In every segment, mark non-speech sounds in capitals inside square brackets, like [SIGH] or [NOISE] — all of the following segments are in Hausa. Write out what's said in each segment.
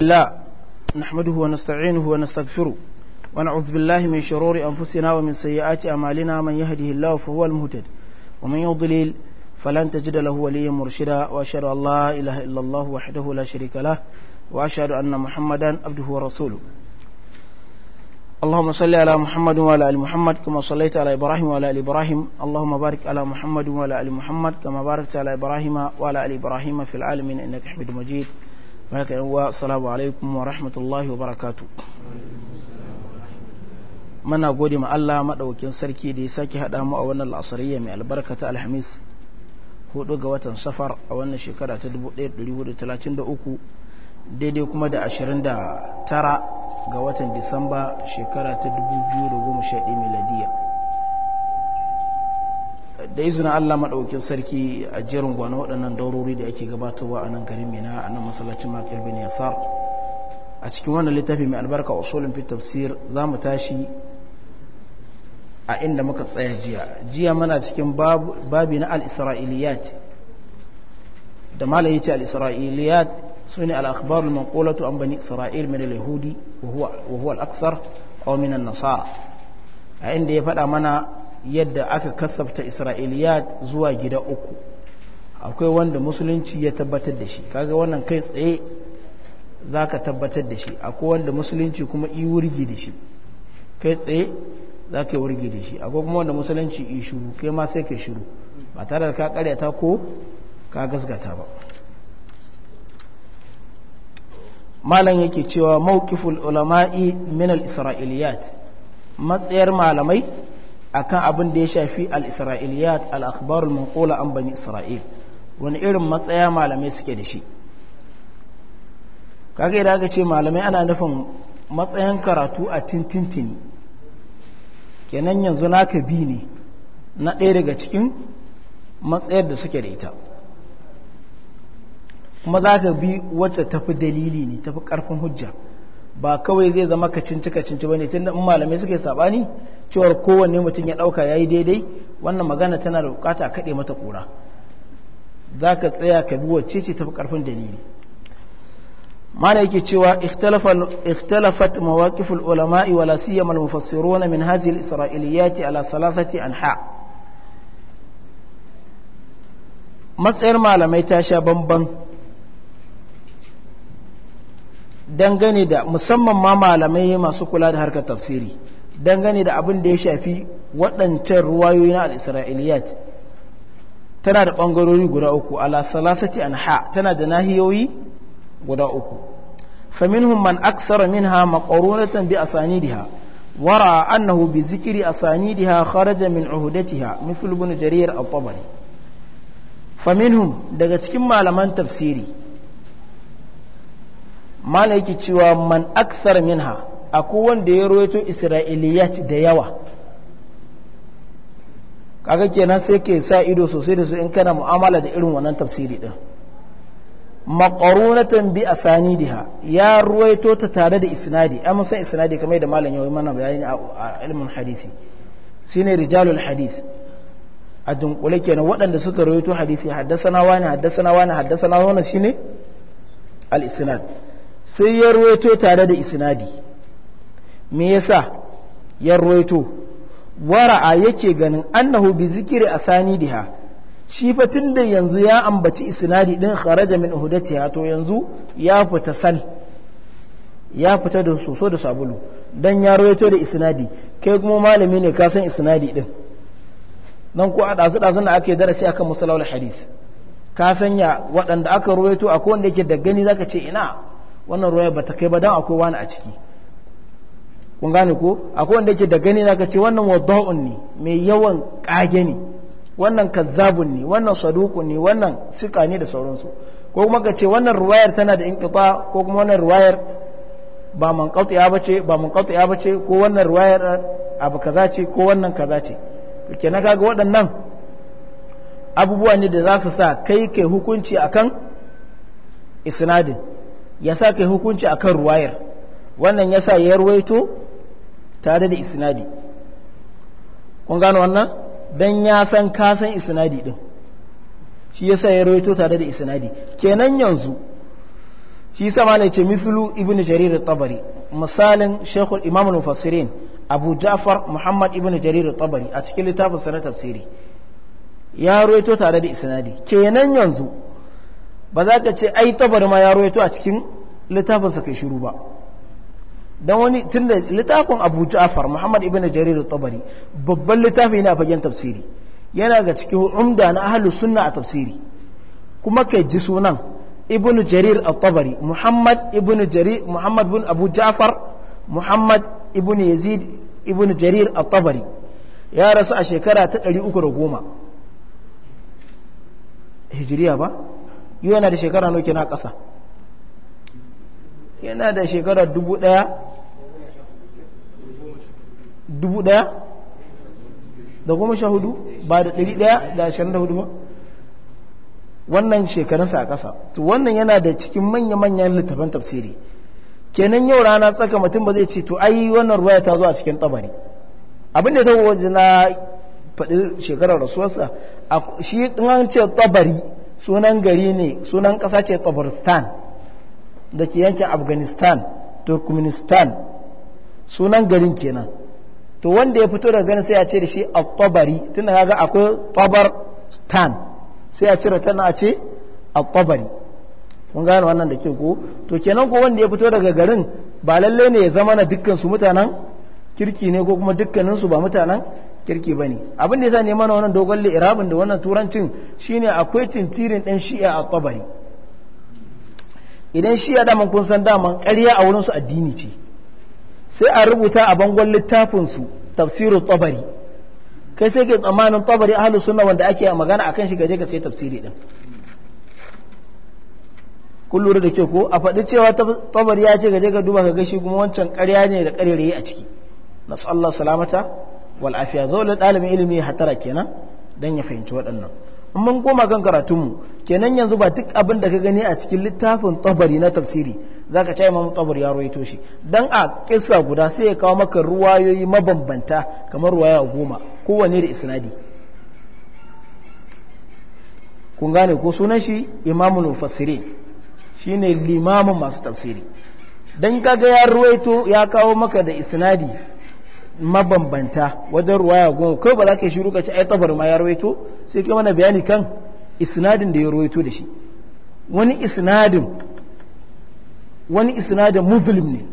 لا نحمده ونستعينه ونستغفره ونعوذ بالله من شرور أنفسنا ومن سيئات أمالنا من يهده الله فهو المهتد ومن يضلل فلن تجد له وليا مرشدا وأشهد أن لا إله إلا الله وحده لا شريك له وأشهد أن محمدا عبده ورسوله اللهم صل على محمد وعلى آل محمد كما صليت على إبراهيم وعلى آل إبراهيم اللهم بارك على محمد وعلى آل محمد كما باركت على إبراهيم وعلى آل إبراهيم في العالمين إنك حميد مجيد maka yan wa assalamu alaikum wa rahmatullahi wa barakatu mana gode ma Allah madaukin sarki da ya sake hada mu a wannan lasariya mai albarka ta alhamis hudu ga watan safar a wannan shekara ta 1433 daidai kuma da 29 ga watan disamba shekara ta 2011 miladiyya da izinin Allah maɗaukin sarki a jerin gwanon waɗannan daurori da ake gabatarwa a nan garin mina a nan masallacin makil bin yasar a cikin wannan littafi mai albarka usulun fi tafsir za mu tashi a inda muka tsaya jiya jiya mana cikin babi na al da malam ya ce alisrailiyat sune al-akhbar al an bani isra'il min al-yahudi wa huwa al-akthar nasara a inda ya faɗa mana yadda aka kasafta isra'iliyat zuwa gida uku akwai wanda musulunci ya tabbatar da shi kaga wannan kai tsaye za ka tabbatar da shi akwai wanda musulunci kuma yi wurgi da shi kai tsaye za ka yi wurgi da shi akwai kuma wanda musulunci yi shuru kai ma sai ka shuru ba tare da ka karyata ko ka gasgata ba malam yake cewa mawqiful ulama'i min al-isra'iliyat matsayar malamai akan abin da ya shafi al-isra'iliyat al-akhbarul manqula an bani isra'il wani irin matsaya malamai suke da shi kaga da aka ce malamai ana nufin matsayin karatu a tintintini kenan yanzu naka bi ne na ɗaya daga cikin matsayar da suke da ita kuma za ka bi wacce tafi dalili ne tafi ƙarfin hujja ba kawai zai zama ka cinci ka cinci ba ne, tun da in malamai suke saɓani cewar kowanne mutum ya ɗauka ya yi daidai wannan magana tana da bukata a kaɗe mata ƙura za ka tsaya ka bi wacce tafi ƙarfin dalili mana yake cewa ikhtalafat mawaƙiful ulama'i wala siyama al mufassirun min hadhihi al isra'iliyati ala an anha matsayar malamai ta sha bamban dangane da musamman ma malamai masu kula da harkar tafsiri dangane da abin da ya shafi waɗancan ruwayoyi na al'isra'iliyat tana da ɓangarori guda uku ala salasati ha tana da nahiyoyi guda uku faminhum man aksara min minha maqarunatan bi asanidiha wara annahu bi zikri asanidiha kharaja min uhudatiha mithl ibn jariyar at-tabari faminhum daga cikin malaman tafsiri mala yake cewa man aksara min ha. akwai wanda ya roito isra'iliyat da yawa kaga kenan sai ke sa ido sosai da su in kana mu'amala da irin wannan tafsiri din maqarunatan bi asanidiha ya ruwaito ta tare da isnadi amma sai isnadi kamar da malam yayi mana bayani a ilmin hadisi shine rijalul hadis a dunkule kenan waɗanda suka ruwaito hadisi haddasana wani haddasana wani haddasana wani shine al isnad sai ya ruwaito tare da isnadi me yasa ya ruwaito wara'a yake ganin annahu bi zikiri asanidiha shi fa tun da yanzu ya ambaci isnadi din kharaja min uhdatiha to yanzu ya fita san ya fita da soso da sabulu dan ya ruwaito da isnadi kai kuma malami ne ka san isnadi din nan ko a dazu dazu da ake darasi akan musalawul hadith ka sanya waɗanda aka ruwaito akwai wanda yake da gani zaka ce ina wannan ruwaya bata kai ba dan akwai wani a ciki kun gane ko akwai wanda yake da gani zaka ce wannan wadda'un ne mai yawan kage ne wannan kazzabun ne wannan saduqun ne wannan sika ne da sauransu ko kuma ka ce wannan ruwayar tana da inqita ko kuma wannan ruwayar ba manqatiya bace ba manqatiya bace ko wannan ruwayar abu kaza ce ko wannan kaza ce kenan kaga waɗannan abubuwa ne da za su sa kai ke hukunci akan isnadin ya sa kai hukunci akan ruwayar wannan yasa ya ruwaito tare da isnadi kun gano wannan dan ya san ka san isnadi din shi yasa ya rawaito tare da isnadi kenan yanzu shi yasa malai ce mithlu ibnu jarir at-tabari misalin shaykhul imam al-mufassirin abu ja'far muhammad ibnu jarir at-tabari a cikin littafin sa tafsiri ya rawaito tare da isnadi kenan yanzu ba za ka ce ai tabari ma ya rawaito a cikin littafin sa kai shiru ba don wani tunda littafin abu ja'afar muhammad ibn jarir tabari babban littafi a fagen tafsiri yana ga cikin umda na ahlus sunna a tafsiri kuma kai ji sunan ibn jarir tabari muhammad ibn jarir muhammad ibn abu ja'far muhammad ibn yazid ibn jarir tabari ya rasu a shekara ta 310 hijiriya ba yana da shekara nawa a ƙasa yana da shekara dubu ɗaya dubu ɗaya da goma sha hudu ba da ɗari ɗaya da ashirin da hudu ba wannan shekarunsa a ƙasa to wannan yana da cikin manya-manyan littafin tafsiri kenan yau rana tsaka mutum ba zai ce to ai wannan ruwa ta zo a cikin tabari abin da ta waje na faɗi shekarar rasuwarsa shi an ce tabari sunan gari ne sunan ƙasa ce tabaristan da ke yankin afghanistan turkmenistan sunan garin kenan to wanda ya fito daga ganin sai ya ce da shi al-tabari tunda kaga akwai tabar stan sai ya cire tana a ce al-tabari kun gane wannan da ke ko to kenan ko wanda ya fito daga garin ba lalle ne ya zama na dukkan su mutanen kirki ne ko kuma dukkanin su ba mutanen kirki ba ne. abin da ya sa mana wannan dogon li'irabin da wannan turancin shine akwai tintirin ɗan shi'a a tabari idan shi ya daman kun san daman ƙarya a wurinsu addini ce sai a rubuta a bangon littafinsu tafsirin tsobari kai sai ke tsammanin a ahalus suna wanda ake magana a kan shi gaje ka sai tafsiri din kun lura da ke ko a faɗi cewa tsobari ya ce gaje ka duba ga gashi kuma wancan ƙarya ne da ƙarerayi a ciki na tsallar salamata wal afiya ɗalibin ilimi hatara kenan don ya fahimci waɗannan mun koma kan karatunmu kenan yanzu ba duk abin da ka gani a cikin littafin tsabari na tafsiri za ka cewa mamu tsabar ya rawaito shi dan a kisa guda sai ya kawo maka ruwayoyi mabambanta kamar ruwaya goma kowanne da isnadi kun gane ko sunan shi imamul mufassirin shine limamin masu tafsiri dan kaga ya ruwaito ya kawo maka da isnadi mabambanta wajen ruwaya goma kai ba za ka shiru ka ci ai tabar ma ya rawaito sai kai mana bayani kan isnadin da ya rawaito da shi wani isnadin wani isnadin muslim ne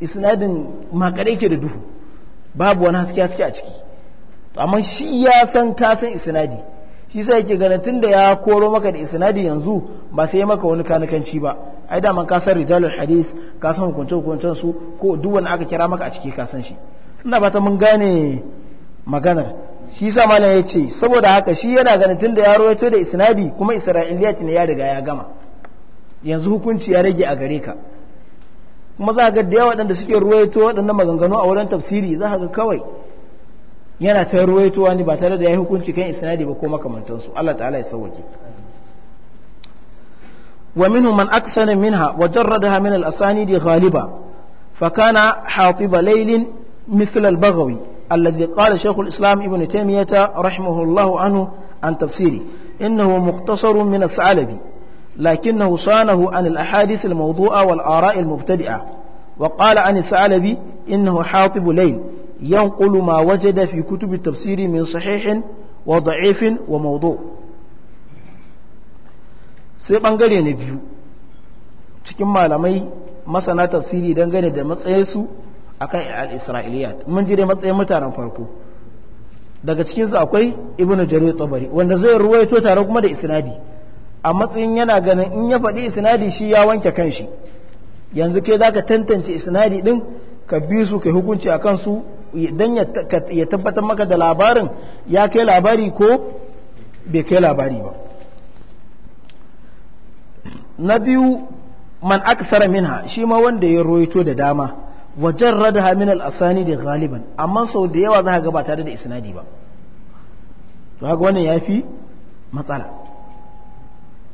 isnadin makare ke da duhu babu wani haske haske a ciki amma shi ya san ka san isnadi shi sai yake ganin tun da ya koro maka da isnadi yanzu ba sai maka wani kanikanci ba ai da man kasar rijalul hadis ka san hukunce hukuncen su ko duk wanda aka kira maka a ciki ka san shi ina ba ta mun gane maganar shi sa malam ya ce saboda haka shi yana ganin tun da ya rawaito da isnadi kuma isra'iliya ne ya riga ya gama yanzu hukunci ya rage a gare ka kuma za ga da yawa waɗanda suke rawaito waɗannan maganganu a wurin tafsiri za ga kawai yana ta ruwaituwa ne ba tare da ya yi hukunci kan isnadi ba ko makamantansu Allah ta'ala ya sauke wa minhum man aksana minha wa jarradaha min al asanid ghaliba fa kana hatiba laylin mithl al-baghawi alladhi qala shaykh al-islam ibn taymiyah rahimahu Allah anhu an tafsiri innahu mukhtasar min al al لكنه صانه عن الأحاديث الموضوعة والآراء المبتدئة وقال عن الثعلبي إنه حاطب ليل ينقل ما وجد في كتب التفسير من صحيح وضعيف وموضوع sai bangare na biyu cikin malamai masana tafsiri dangane da matsayinsu akan al-isra'iliyat mun jire matsayin mutanen farko daga cikinsu akwai ibnu jarir tabari wanda zai ruwaito tare kuma da isnadi a matsayin yana ganin in ya faɗi isnadi shi ya wanke kanshi yanzu ke za ka tantance isnadi ɗin ka bi su kai hukunci a kansu don ya tabbatar maka da labarin ya kai labari ko bai kai labari ba na biyu man aksara minha shi ma wanda ya roito da dama wajen rada hamina al'asani da galiban amma sau da yawa za ga bata tare da isnadi ba to haka wannan ya fi matsala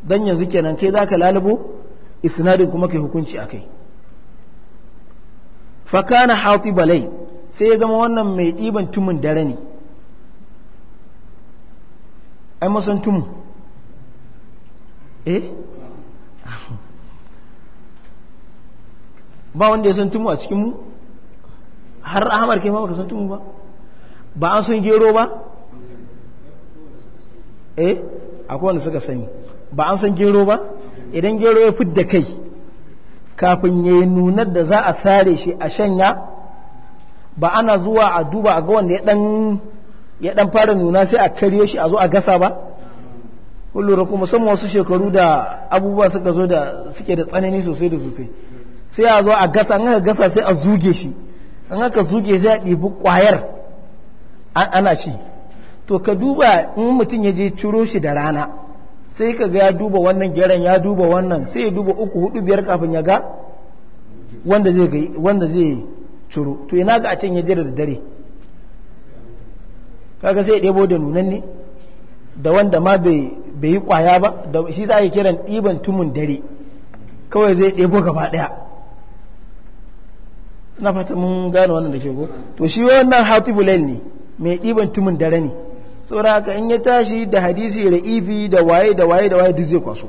don yanzu kenan kai za ka lalubo isnadin kuma kai hukunci a kai fakana hauti balai sai ya zama wannan mai ɗiban tumun dare ne ai masan tumu eh ba wanda ya san tumu a cikinmu har ahamar kai ma baka san tumu ba ba an san gero ba eh akwai wanda suka sani ba an san gero ba idan gero ya da kai kafin ya yi nunar da za a sare shi a shanya ba ana zuwa a duba a ga wanda ya dan fara nuna sai a karyo shi a zo a gasa ba kullum kuma musamman wasu shekaru da abubuwa suka zo da suke da tsanani sosai da sosai sai a zo a gasa an aka gasa sai a zuge shi an aka zuge sai a ɗibi ƙwayar ana shi to ka duba in mutum ya je ciro shi da rana sai ka ga ya duba wannan gyaran ya duba wannan sai ya duba uku hudu biyar kafin ya ga wanda zai curu to ina ga a can ya jira da dare kaga sai ɗebo da nunan ne da wanda ma bai yi kwaya ba da shi za a yi kiran ɗiban tumun dare kawai zai ɗebo gaba ɗaya na fata mun gane wannan da ke go to shi wannan hatibu lail ne mai ɗiban tumun dare ne saboda haka in ya tashi da hadisi da ifi da waye da waye da waye duk zai kwaso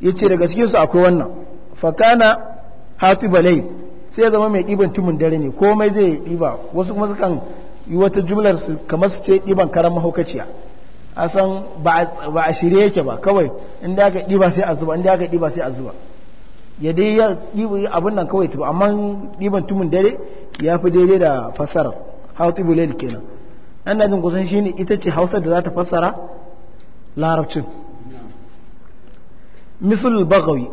ya ce daga cikinsu akwai wannan fakana hatibu lail sai ya zama mai ɗiban tumin dare ne komai zai ɗiba wasu kuma sukan yi wata jumlar su kamar su ce ɗiban karan mahaukaciya a san ba a shirye yake ba kawai inda aka ɗiba sai a zuba inda aka ɗiba sai a zuba ya dai ya ɗiba abin nan kawai tuba amma ɗiban tumin dare ya fi daidai da fassara hautibu kenan ana jin kusan shine ita ce hausa da za ta fassara larabcin مثل البغوي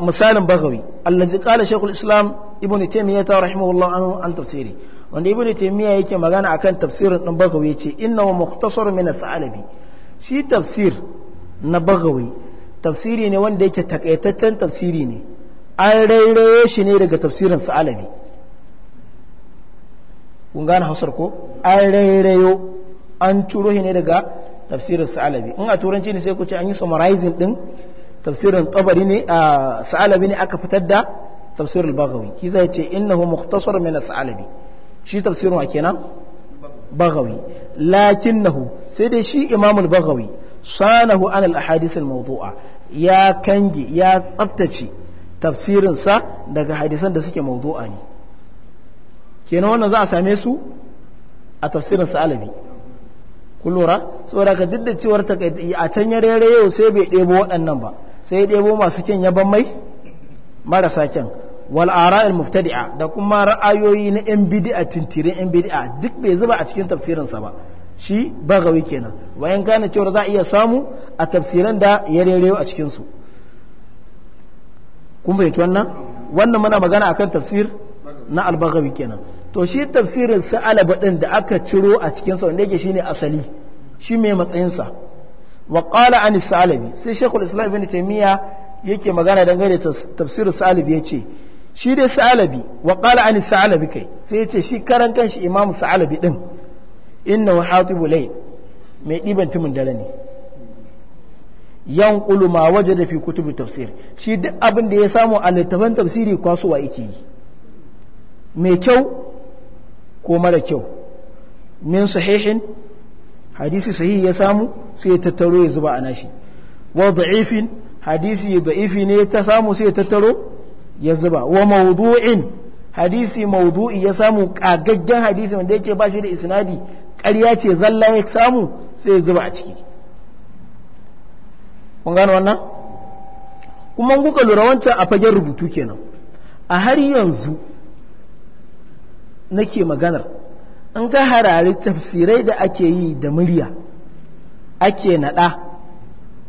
مثال بغوي الذي قال شيخ الإسلام ابن تيمية رحمه الله عنه عن تفسيره wanda ibn taymiya yake magana akan tafsirin din bagawi yace innahu mukhtasar min al-thalabi shi tafsir na bagawi tafsiri wanda yake takaitaccen tafsiri ne an rairaye shi ne daga tafsirin thalabi kun hausar ko an rairayo an turo shi ne daga tafsirin in a turanci ni sai ku ce an yi summarizing din tafsirin tabari ne a sa'alabi ne aka fitar da tafsirin bagawi ki zai ce innahu mukhtasar min sa'alabi shi tafsirin wa kenan bagawi lakinnahu sai dai shi imamul bagawi sanahu an al ahadith mawdu'a ya kange ya tsaftace tafsirin sa daga hadisan da suke mawdu'a ne kenan wannan za a same su a tafsirin sa'alabi kun saboda ka duk da cewar a can ya rere yau sai bai ɗebo waɗannan ba sai ya ɗebo masu kyan ban mai marasa kyan wal muftadi'a da kuma ra'ayoyi na yan bidi'a tintirin yan bidi'a duk bai zuba a cikin tafsirinsa ba shi gawi kenan wayan gane cewa za a iya samu a tafsirin da ya rerewa a cikinsu kun wannan wannan muna magana akan tafsir na al baghawi kenan to shi tafsirin sa'alaba din da aka ciro a cikin wanda yake shine asali shi mai matsayinsa. wa ƙala an salibi sai shekul islam ibn taimiyya yake magana dangane da tafsir ya ce. shi dai Salibi wa ƙala an salibi kai sai ya ce shi karan kanshi imam salabi din wa hati bulai mai ɗiban timin dare ne Yan ƙuluma waje da fi kutubu tafsir shi duk abin da ya samu a littafin tafsiri kwasuwa yake yi mai kyau ko mara kyau min sahihin hadisi sahihi ya samu sai tattaro ya zuba a nashi wa da'ifin hadisi da'ifi ne ta samu sai tattaro ya zuba wa mawdu'in hadisi mawdu'i ya samu kagaggen hadisi wanda yake ba shi da isnadi ƙarya ce zalla ya samu sai zuba a ciki kun gano wannan kuma kuka lura wancan a fagen rubutu kenan a har yanzu nake maganar an ga harare tafsirai da ake yi da murya ake naɗa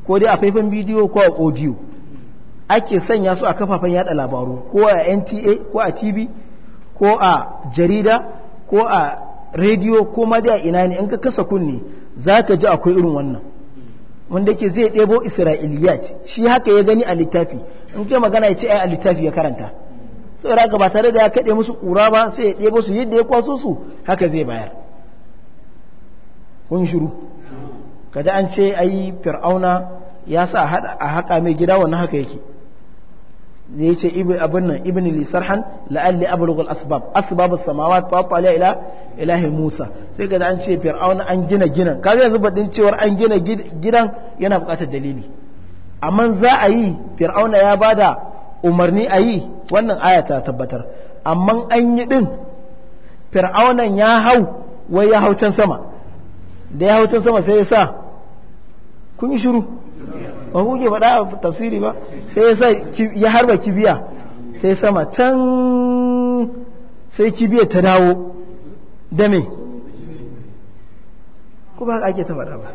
ko dai a faifan bidiyo ko a audio ake sanya su a kafafen yada labaru ko a nta ko a tv ko a jarida ko a rediyo ko ma a ina ne in ka kasa kunne za ka ji akwai irin wannan wanda ke zai ɗebo isra'iliyat shi haka ya gani a littafi in kai magana ya ce a littafi ya karanta saboda haka ba tare da ya kaɗe musu ƙura ba sai ya ɗebo su yadda ya kwaso su haka zai bayar kun shiru kada an ce ai fir'auna ya sa a haƙa mai gida wannan haka yake ne ce abin nan ibn lisarhan la'alli abulghul asbab asbabus samawa fa tala ila ilahi musa sai kada an ce fir'auna an gina ginan kaga yanzu badin cewar an gina gidan yana bukatar dalili amma za a yi fir'auna ya bada umarni a yi wannan ayata tabbatar amma an yi din fir'aunan ya hau wai ya hau can sama da ya hau can sama sai ya sa kun yi shiru ba ku ke faɗa a tafsiri ba sai ya harba kibiya sai sama can sai kibiya ta dawo da me ku ba ake ta faɗa ba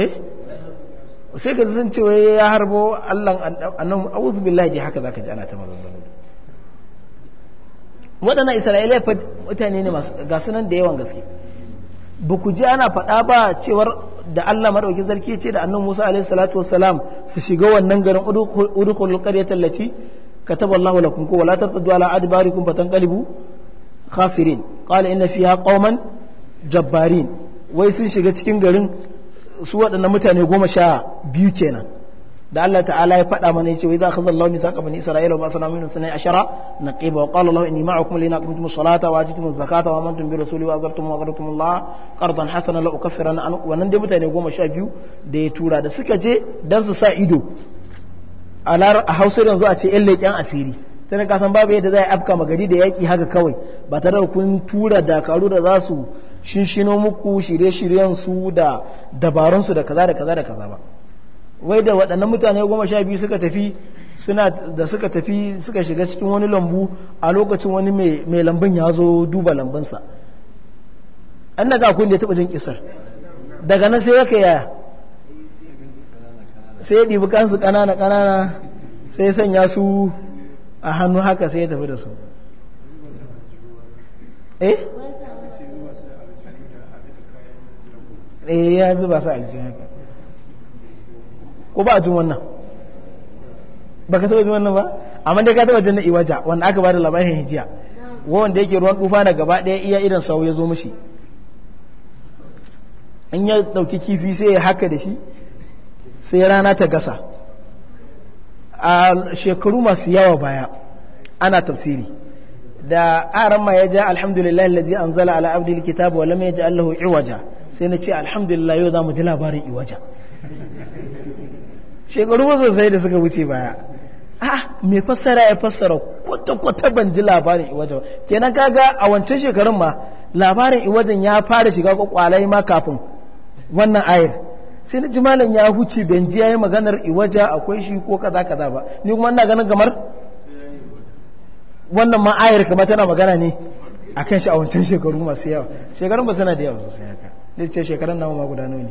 eh sai ka zan cewa ya harbo allan annan auzu billahi haka za ka ji ana ta magana waɗannan isra'ila ya mutane ne masu ga sunan da yawan gaske ba ku ji ana faɗa ba cewar da Allah maɗauki sarki ce da annan Musa alaihi salatu wasalam su shiga wannan garin udkhulul qaryata allati kataballahu lakum ko wala tartaddu ala adbarikum fatanqalibu khasirin qala inna fiha qauman jabbarin wai sun shiga cikin garin su waɗannan mutane goma sha biyu kenan da Allah ta'ala ya faɗa mana yace wa ka akhadha Allahu mithaqa bani isra'ila wa ba'athna minhum ithna ashara naqiba wa qala Allahu inni ma'akum lin kuma as-salata wa atitum zakata wa amantum bi rasuli wa azartum wa qartum Allah qardan hasana la ukaffiranna an wannan dai mutane goma sha biyu da ya tura da suka je dan su sa ido a a Hausa yanzu a ce yan leƙen asiri tana kasan babu yadda za a afka magadi da yaƙi haka kawai ba tare da kun tura dakaru da za su shinshino muku shirye-shiryen su da dabarunsu da kaza da kaza da kaza ba wai da waɗannan mutane goma sha biyu suka tafi suna da suka tafi suka shiga cikin wani lambu a lokacin wani mai lambun ya zo duba lambunsa an daga kakun da ya taɓa jin kisar daga nan sai ya kai yaya sai ya ɗibi kansu ƙanana ƙanana sai ya sanya su a hannu haka sai ya tafi da su eh, eh ya zuba su aljihu haka ko ba a jin wannan ba ka taɓa jin wannan ba amma dai ka taɓa jin na iwaja wanda aka ba da labarin hijiya wanda yake ruwan tufa na gaba ɗaya iya irin sau ya zo mishi in ya ɗauki kifi sai ya haka da shi sai rana ta gasa a shekaru masu yawa baya ana tafsiri da aran ma ya ja alhamdulillah alladhi anzala ala abdi kitaba wa lam yaj'al lahu iwaja sai na ce alhamdulillah yau zamu ji labarin iwaja shekaru masu sai da suka wuce baya a mai fassara ya fassara kwata-kwata ban ji labarin iwajen kenan kaga a wancan shekarun ma labarin iwajen ya fara shiga kwakwalai ma kafin wannan ayar sai na jimalin ya huce ban ji ya yi maganar iwajen akwai shi ko kaza kaza ba ni kuma ina ganin kamar wannan ma ayar kamar tana magana ne a kan shi a wancan shekaru masu yawa shekarun ba suna da yawa sosai haka ne ce shekarun nawa ma guda ne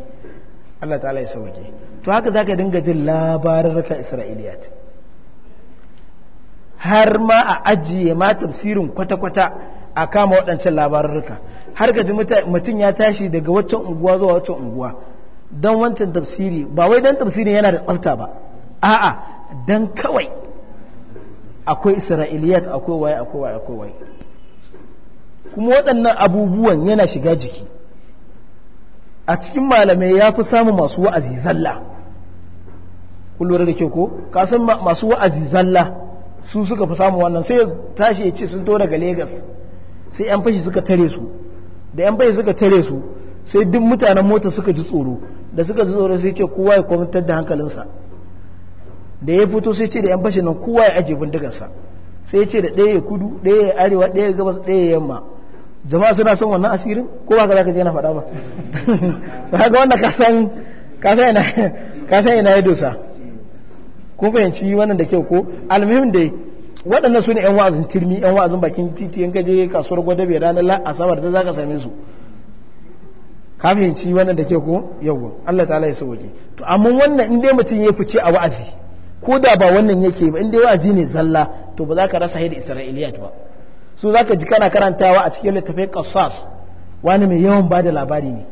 Allah ta'ala ya sauke to haka za ka dinga jin labarurrukan isra'iliyat har ma a ajiye ma tafsirin kwata-kwata a kama waɗancan labarurruka har gaji mutum ya tashi daga waccan unguwa zuwa waccan unguwa don wancan tafsiri ba wai don tafsirin yana da tsafta ba a'a don kawai akwai isra'iliyat akwai waye akwai waye kuma waɗannan abubuwan yana shiga jiki a cikin malamai ya fi samun masu wa'azi zalla kullum da ke ko kasan masu wa'azi zalla su suka fi samun wannan sai tashi ya ce sun to daga Legas sai yan fashi suka tare su da yan fashi suka tare su sai duk mutanen mota suka ji tsoro da suka ji tsoro sai ce kowa ya kwamitar da hankalinsa da ya fito sai ce da yan fashi nan kowa ya ajiye bindigarsa sai ce da ɗaya ya kudu ɗaya ya arewa ɗaya ya gabas ɗaya ya yamma jama'a suna son wannan asirin ko ba ka za ka je na faɗa ba [LAUGHS] to haka wanda ka san ka ina ka san ina ya dosa kun fahimci wannan da kyau ko almuhim dai waɗannan su ne yan wa'azin turmi yan wa'azin bakin titi in ka je kasuwar bai ranar asabar da ka same su ka fahimci wannan da kyau ko yawon Allah ta'ala ya sauke to amma wannan in dai mutum ya fice a wa'azi ko da ba wannan yake ba in dai wa'azi ne zalla to ba za ka rasa yadda isra'iliyat ba su za ka ji kana karantawa a cikin littafin qasas wani mai yawan bada labari ne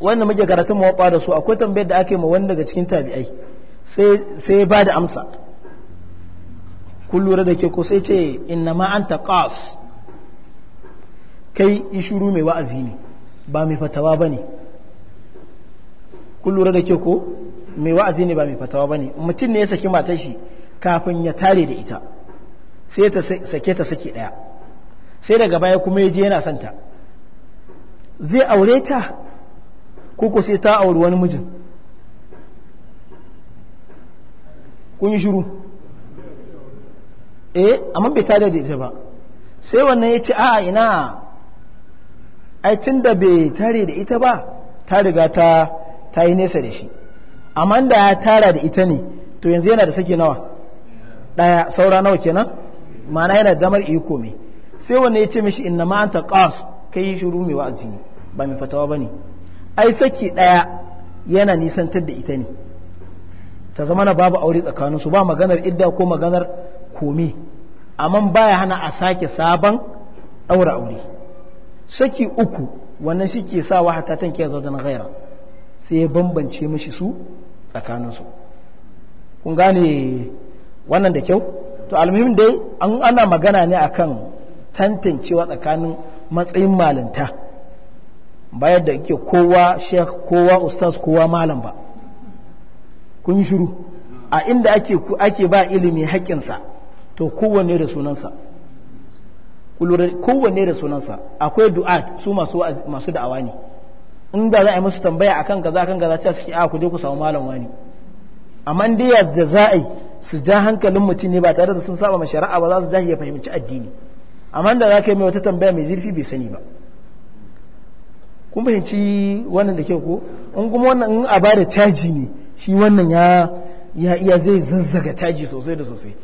wannan muke karatun mawaba da su akwai tambayar da ake ma wani daga cikin tabi'ai sai ba da amsa kun da ke ko sai ce inna ma anta qas kai ishuru mai wa'azi ne ba mai fatawa ba ne. lura da ke ko mai wa'azi ne ba mai fatawa ba ne mutum ne ya saki matar shi kafin ya tare da ita sai ta sake ta sake daya sai daga baya kuma yaje yana son ta zai aure ta ko sai ta auri wani mijin kun yi shiru eh amma bai tare da ita ba sai wannan ya ce a ina ai da bai tare da ita ba ta riga ta ta yi nesa da shi amma da ya tara da ita ne to yanzu yana da sake nawa daya saura nawa kenan ma'ana yana damar iko mai sai wanne ya ce mishi inna ma'an ta ƙas kai yi shiru mai wa'azi ne ba mai fatawa ba ne ai saki ɗaya yana nisantar da ita ne ta zama na babu aure tsakaninsu ba maganar idda ko maganar komi amma baya hana a sake sabon ɗaura aure saki uku wannan shi ke sa wa hatta tanke zo da sai ya bambance mishi su tsakaninsu kun gane wannan da kyau to almuhim dai an ana magana ne akan tantancewa tsakanin matsayin malinta bayar da ke kowa sheikh kowa ustaz kowa malam ba kun yi shiru a inda ake ake ba ilimi haƙƙinsa to kowanne da sunansa kowanne da sunansa akwai du'at su masu masu da'awa ne in da za a yi musu tambaya akan kaza kan gaza ta suke a ah, ku je ku samu malam wani amma dai da za a yi su ja hankalin mutum ne ba tare da sun saba ma shari'a ba za su jahi ya fahimci addini amma da za ka yi mai wata tambaya mai zurfi bai sani ba kun fahimci wannan da kyau ko in kuma wannan in a bada caji ne shi wannan ya ya iya zai zazzaga caji sosai da sosai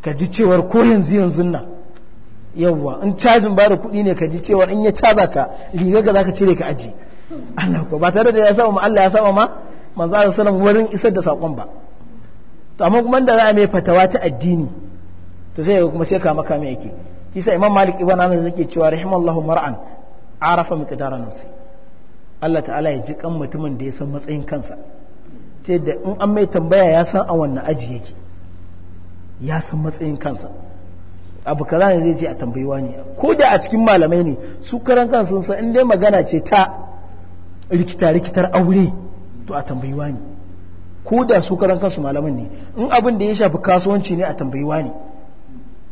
ka ji cewar ko yanzu yanzu nan yawwa in cajin ba kuɗi ne ka ji cewar in ya caza ka riga ka za ka cire ka aji Allah ba tare da ya saba ma Allah ya saba ma manzo Allah sallallahu alaihi wasallam wurin isar da sakon ba to amma kuma da za a mai fatawa ta addini to sai kuma sai kama mai yake kisa imam malik ibn anas yake cewa rahimallahu mar'an arafa miqdara nafsi Allah ta'ala ya ji kan mutumin da ya san matsayin kansa ta yadda in an mai tambaya ya san a wannan aji yake ya san matsayin kansa abu kaza ne zai je a tambayiwa ne ko da a cikin malamai ne su karan kansu sun san in dai magana ce ta rikita rikitar aure to a tambayiwa ne ko da su karan kansu malaman ne in abin da ya shafi kasuwanci ne a tambayi wani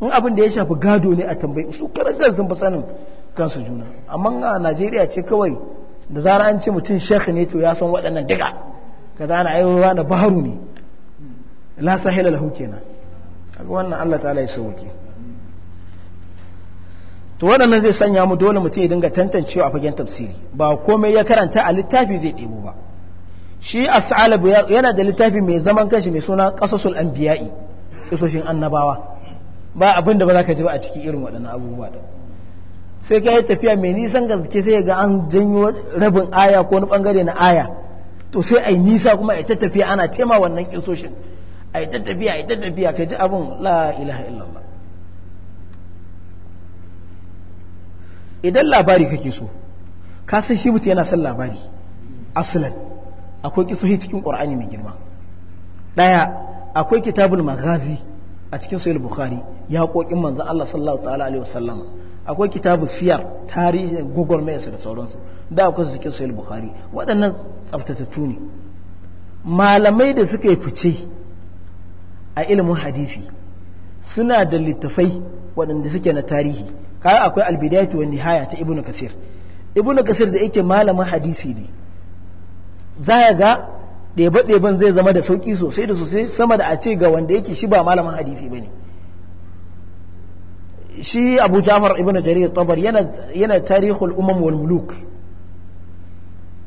in abin da ya shafi gado ne a tambayi su karan kansu ba sanin kansu juna amma a Najeriya ce kawai da zara an ce mutum shekh ne to ya san waɗannan daga ka zana aiwawa da baharu ne la sahila lahu kenan kaga wannan Allah ta'ala ya sauke to waɗannan zai sanya mu dole mutum ya dinga tantancewa a fagen tafsiri ba komai ya karanta a littafi zai ɗebo ba shi a salabu yana da littafi mai zaman kashi mai suna an anbiya'i kisoshin annabawa ba abin da ba za ka ji ba a ciki irin waɗannan abubuwa da sai ka yi tafiya mai nisan gaske sai ga an janyo rabin aya ko wani ɓangare na aya to sai a yi nisa kuma a yi tattafiya ana tema wannan kisoshin a yi tattafiya a yi tattafiya ka ji abin la ilaha illallah idan labari kake so ka san shi mutu yana son labari asalan akwai kisohi cikin ƙur'ani mai girma ɗaya akwai kitabun maghazi a cikin sahih bukhari ya kokin manzon Allah sallallahu ta'ala akwai kitabu siyar tarihin gogor da sauransu da akwai cikin sahih bukhari waɗannan tsaftatattu ne malamai da suka yi fice a ilimin hadisi suna da littafai waɗanda suke na tarihi kai akwai albidayatu wa nihaya ta ibnu kasir ibnu kasir da yake malamin hadisi ne za ya ga ɗebe-ɗeben zai zama da sauƙi sosai da sosai sama da a ce ga wanda yake shi ba malamin hadisi ba ne shi abu jafar ibn jarir tabar yana tarihul umar walmuluk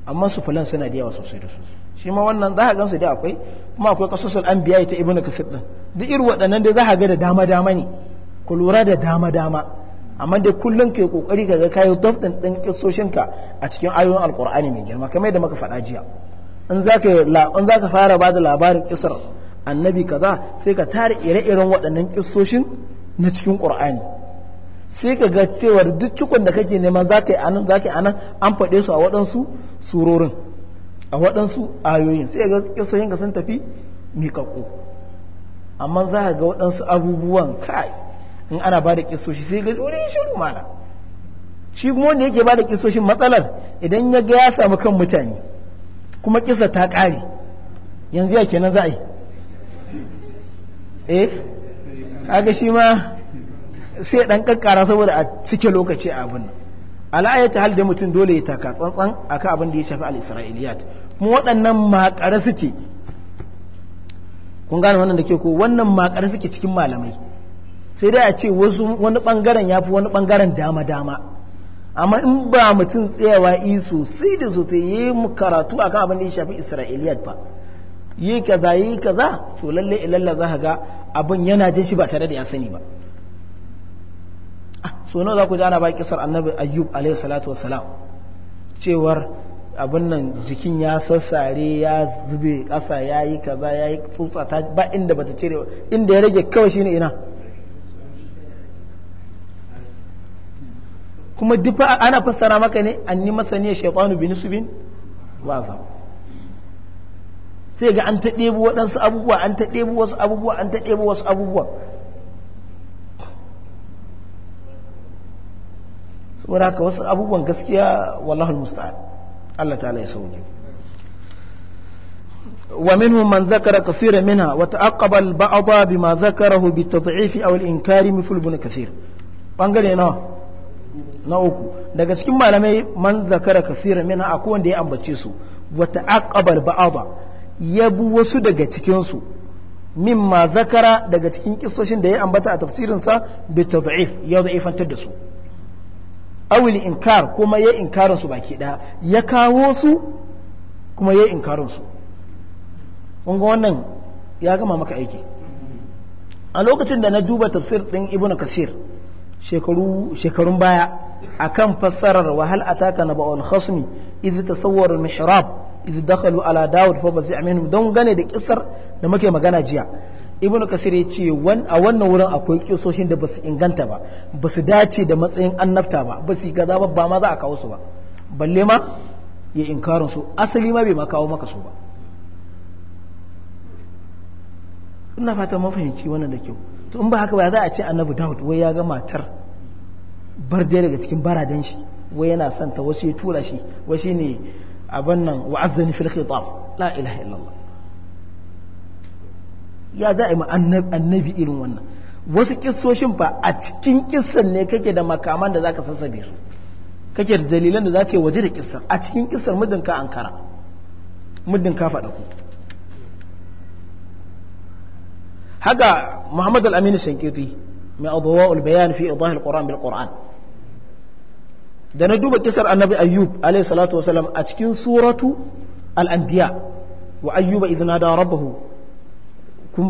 amma su fulan suna da yawa sosai da sosai shi ma wannan za a gansu da akwai kuma akwai kasusul an biya ta ibn kasir ɗin duk irin waɗannan dai za a ga da dama dama ne ku lura da dama dama amma dai kullum ka yi kokari kaga kayan dabtin ɗan kissoshin ka a cikin ayoyin alqur'ani mai girma kamar yadda maka faɗa jiya in za ka fara fara bada labarin kisar annabi kaza sai ka tara ire-iren waɗannan ƙasoshin na cikin ƙur'ani. sai ka ga cewar duk cikon da kake nema zaka yi anan yi anan an faɗe su a waɗansu surorin a waɗansu ayoyin sai ga ƙasoshin ka sun tafi miƙaƙƙo amma za ka ga waɗansu abubuwan kai in ana ba da kisoshi sai ga wani shiru mala shi kuma wanda yake ba da kisoshin matsalar idan ya ga ya samu kan mutane kuma kisa ta ƙare yanzu ya kenan za a yi eh shi ma sai dan kakkara saboda a cike lokaci a abin al'ayata hal da mutum dole ya taka tsantsan akan abin da ya shafi al'isra'iliyat kuma waɗannan makare suke kun gane wannan da ke ko wannan makare suke cikin malamai sai dai a ce wasu wani bangaren ya fi wani bangaren dama-dama amma in ba mutum tsayawa yi sosai da sosai yi mu karatu akan abin da ya shafi isra'iliyar ba yi kaza yi kaza to lalle ilalla za ga abin yana jin shi ba tare da ya sani ba ah, so nawa za ku ji ana ba kisar annabi ayyub alaihi salatu wassalam cewar abin nan jikin ya sassare ya zube ƙasa ya yi kaza ya yi tsutsa ta ba inda bata cire inda ya rage kawai shine ina kuma dufa ana fassara maka ne an yi masaniya shaitanu bi nusubin wa azab sai ga an ta ɗebi waɗansu abubuwa an ta ɗebi wasu abubuwa an ta ɗebi wasu abubuwa saboda haka wasu abubuwan gaskiya wallahul musta'an Allah ta ya sauke wa minhum man zakara kathira minha wa ta'aqqaba al-ba'dha bima zakarahu bi tad'if aw al-inkari mithlu ibn kathir bangare nawa na uku daga cikin malamai man zakara kasira min a wanda ya ambace su wata aqabal ba'aba ya bu wasu daga cikinsu su mimma zakara daga cikin kissoshin da ya ambata a tafsirin sa bi tad'if ya da'ifantar da su awil inkar kuma ya inkarin su baki daya ya kawo su kuma ya inkarin su ga wannan ya gama maka aiki a lokacin da na duba tafsir din ibnu kasir shekarun baya akan fassarar wahal ataka na ba'ul khasmi idh tasawwara mihrab idh dakhalu ala daud fa bazi' aminu don gane da kissar da muke magana jiya ibnu kasir ya ce a wannan wurin akwai kisoshin da basu inganta ba basu dace da matsayin annabta ba basu gaza ba ba ma za a kawo su ba balle ma ya inkarin su asali ma bai ma kawo maka su ba ina fata mafahimci wannan da kyau to in ba haka ba za a ce annabi Dawud wai ya ga matar bar dai daga cikin baradan shi wai yana son ta wasu ya tura shi wai ne abin nan ni fil khitab la ilaha illallah ya za a yi annabi irin wannan wasu kissoshin fa a cikin kissan ne kake da makaman da zaka sassabe su kake da dalilan da zaka yi waje da kissar a cikin kissar muddin ka ankara muddin ka faɗa ku haka muhammad al-amin shankiti mai adwaul bayan fi idahil qur'an bil qur'an da na duba kisar annabi ayyub alayhi salatu wasalam a cikin suratu al wa ayyuba izina da rabahu. kun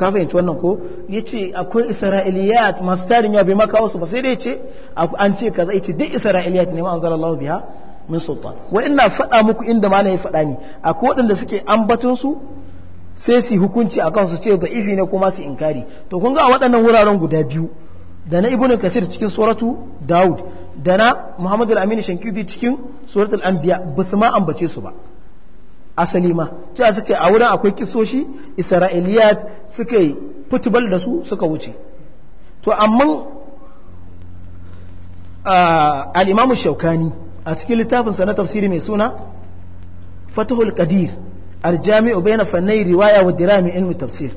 ka fahimci wannan ko ya ce akwai isra'iliyat masu tarin ya bai maka wasu ba sai dai ce an ce kaza ce duk isra'iliyat ne ma anzalallahu biya min sultan wa ina faɗa muku inda ma na yi faɗa ne akwai waɗanda suke ambaton su sai su hukunci a kansu ce da ifi ne kuma su inkari to kun ga a waɗannan wuraren guda biyu da na ibnu kasir cikin suratu daud da na muhammadu al-amini shankidi cikin suratul anbiya ba su ma ambace su ba asali ma ce suka a wurin akwai kisoshi isra'iliyat suka yi da su suka wuce to amma al shaukani a cikin littafinsa na tafsiri mai suna fatahul qadir aljami'u bayna fannai riwaya wa dirami ilmi tafsir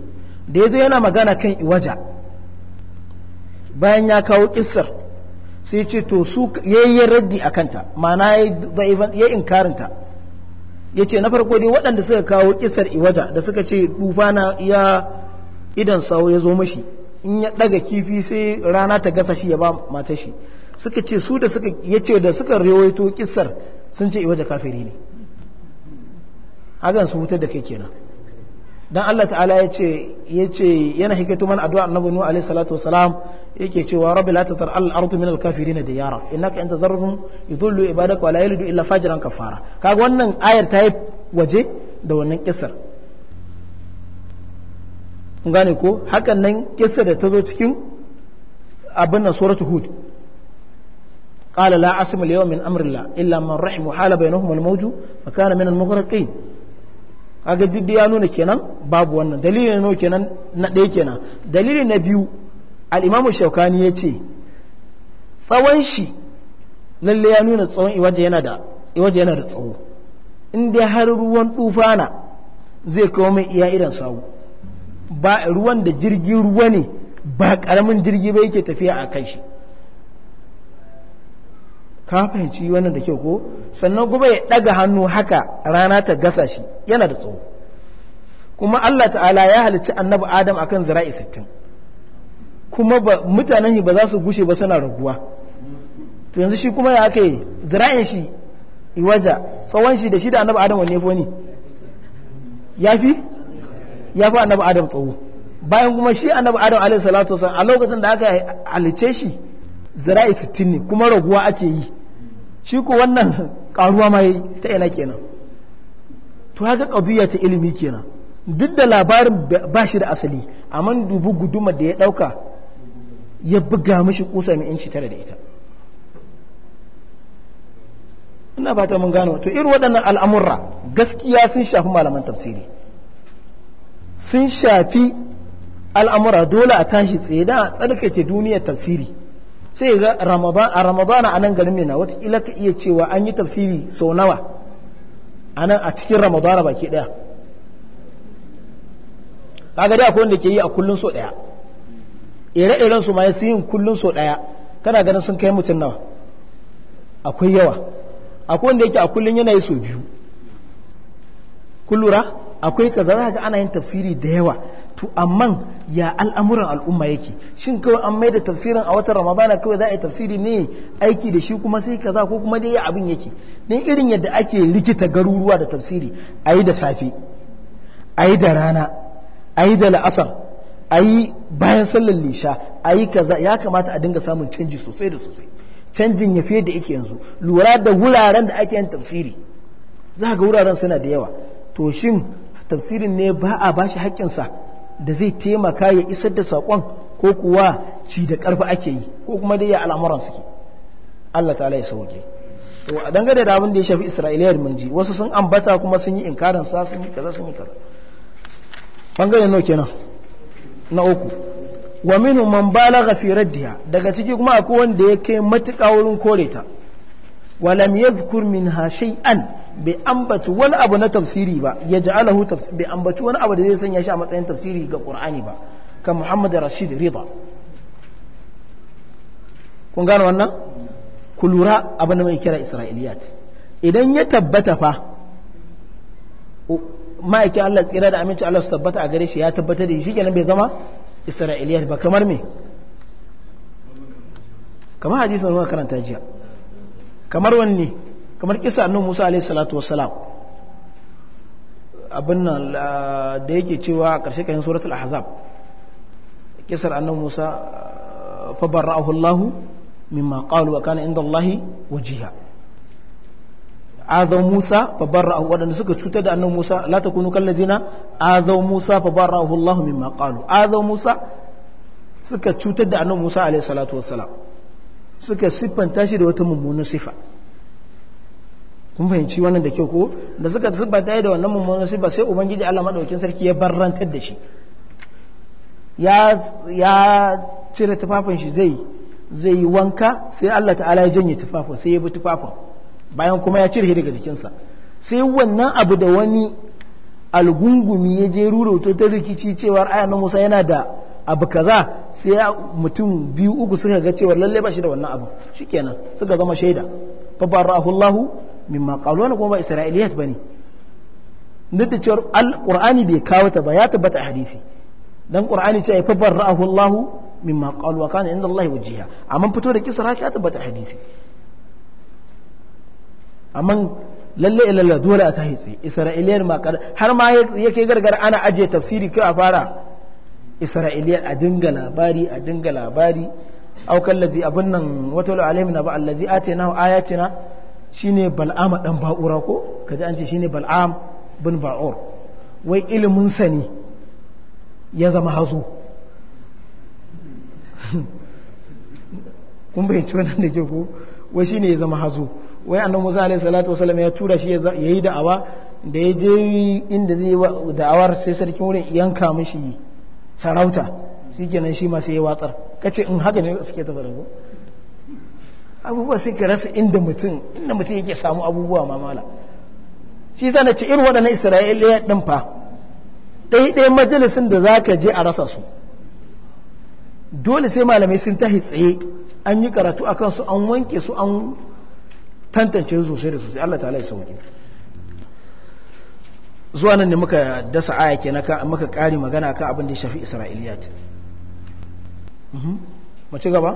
da yazo yana magana kan iwaja bayan ya kawo kissar sai ce to su yayi raddi akanta ma'ana yayi inkarinta yace na farko dai waɗanda suka kawo kissar iwaja da suka ce dufana ya idan sawo ya zo mashi in ya daga kifi sai rana ta gasa shi ya ba mata shi suka ce su da suka yace da suka rewaito kissar sun ce iwaja kafiri ne hakan su hutar da kai kenan dan Allah ta'ala ya ce yace yana hikaitu man addu'a annabi nuhu alaihi salatu wasalam yake cewa rabbi la tatar al ardu min al kafirin diyara innaka in tadharruhum yudullu ibadaka wa la yalidu illa fajiran kafara kaga wannan ayar ta yi waje da wannan kisar kun gane ko hakan nan kisar da ta zo cikin abin nan suratul hud قال لا عاصم اليوم من أمر الله إلا من رحم وحال بينهم الموج فكان من المغرقين kaga duk ya nuna kenan babu wannan dalilin ne kenan na ɗaya kenan dalilin na biyu al'imamu shaukani ya ce tsawon shi lalle ya nuna tsawon iwaje yana da tsawo in dai har ruwan na zai kawo mai iya irin sawu ba ruwan da jirgin ruwa ne ba karamin jirgi ba yake tafiya a kan shi ka fahimci wannan da kyau ko sannan kuma ya daga hannu haka rana ta gasa shi yana da tsawo kuma Allah ta'ala ya halicci annabi Adam akan zira'i 60 kuma mutanen shi ba za su gushe ba suna raguwa to yanzu shi kuma ya aka yi zira'in shi iwaja tsawon shi da shi da annabi Adam wanne foni ya fi ya fi annabi Adam tsawo bayan kuma shi annabi Adam alaihi salatu wasallam a lokacin da aka halice shi zira'i 60 ne kuma raguwa ake yi shi ku wannan karuwa ma ta ina kenan to haka kaduya ta ilimi kenan duk da labarin ba shi da asali amma dubu guduma da ya ɗauka ya buga mashi kusa mai inci tare da ita ina ba mun gano to irin waɗannan al'amurra gaskiya sun shafi malaman tafsiri sun shafi al'amura dole a tashi tsaye da tsarkake duniyar tafsiri sai ga ramadan a ramadan a nan garin mina watakila ka iya cewa an yi tafsiri sau nawa a nan a cikin ramadan baki daya kaga dai akwai wanda ke yi a kullun so daya ire-iren su ma ya yin kullun so daya kana ganin sun kai mutum nawa akwai yawa akwai wanda yake a kullun yana yi so biyu kullura akwai ka zara ga ana yin tafsiri da yawa to amma ya al'amuran al'umma yake shin kawai an mai da tafsirin a watan ramadana kawai za a yi tafsiri ne aiki da shi kuma sai kaza ko kuma dai abin yake ne irin yadda ake rikita garuruwa da tafsiri a yi da safe a yi da rana a yi da la'asar a yi bayan sallar lisha a yi kaza ya kamata a dinga samun canji sosai da sosai canjin ya fiye da yake yanzu lura da wuraren da ake yin tafsiri za ga wuraren suna da yawa to shin tafsirin ne ba a bashi haƙƙinsa da zai taimaka ya isar da saƙon ko kuwa ci da ƙarfi ake yi ko kuma dai ya al'amuran suke Allah ta ya sauke to dangane da abin da ya shafi Isra'iliyar mun ji wasu sun ambata kuma sun yi inkarin sa sun yi kaza sun yi kaza bangare nawa kenan na uku wa minhu man balagha fi raddiha daga ciki kuma akwai wanda ya kai matuƙa wurin kore ta wa lam yadhkur minha shay'an bai ambaci wani abu na tafsiri ba ya alahu tafsiri bai ambaci wani abu da zai sanya shi a matsayin tafsiri ga Qur'ani ba kan Muhammad Rashid Rida kun gano wannan ku lura abu da mai kira Isra'iliyat idan ya tabbata fa ma'aikin Allah tsira da aminci Allah su tabbata a gare shi ya tabbata da shi kenan bai zama Isra'iliyat ba kamar me kamar hadisin ruwa karanta jiya kamar wanne kamar kisa annabi Musa alaihi salatu wassalam abin nan da yake cewa a ƙarshe kan suratul ahzab kisar annabi Musa fa barra'ahu Allahu mimma qalu wa kana inda Allahi wajiha azaw Musa fa barra'ahu wadanda suka cutar da annabi Musa la takunu kal ladina azaw Musa fa barra'ahu Allahu mimma qalu azaw Musa suka cutar da annabi Musa alaihi salatu wassalam suka siffanta shi da wata mummunan sifa kun fahimci wannan da kyau ko da suka zuba ta da wannan mummunan ba sai ubangiji Allah madaukakin sarki ya barrantar da shi ya cire tufafin shi zai zai yi wanka sai Allah ta'ala ya janye tufafin sai ya bi tufafin bayan kuma ya cire shi daga jikinsa sai wannan abu da wani algungumi ya je rurauto ta rikici cewar aya Musa yana da abu kaza sai mutum biyu uku suka ga cewar lalle ba shi da wannan abu shikenan suka zama shaida fa barahu Allahu mimma qalu wannan kuma ba isra'iliyat bane duk da cewar alqur'ani bai kawo ta ba ya tabbata a hadisi dan qur'ani ce fa barra'ahu Allah mimma qalu wa kana inda Allah wajiha amma fito da kisra ya tabbata a hadisi amma lalle ilalla dole a tahi tsaye isra'iliyar ma har ma yake gargara ana ajiye tafsiri kai a fara isra'iliyar a dinga labari a dinga labari aukan lazi abin nan wata alim na ba allazi ce na ayatina shine bal'ama dan ba'ura ko kaji an ce shine bal'am bin ba'ur wai ilimin sani ya zama hazo [LAUGHS] kun ci wannan da ke ko wai shine ya zama hazo wai annabi Musa alaihi salatu wasallam ya tura shi yayi da'awa da ya je inda zai da'awar sai sarkin wurin yanka mishi sarauta shikenan shi ma sai ya watsar kace in haka ne suke ta faɗa ko abubuwa sai ka rasa inda mutum inda mutum yake samu abubuwa mamala shi zana ce irin waɗannan ya ɗin fa ɗai majalisun da za ka je a rasa su dole sai malamai sun tahi tsaye an yi karatu a kansu an wanke su an tantance su sosai da sosai allah ta ya sauki zuwa nan ne muka dasa aya ke na muka ƙari magana kan abin da ya shafi isra'iliyat mace mhm. gaba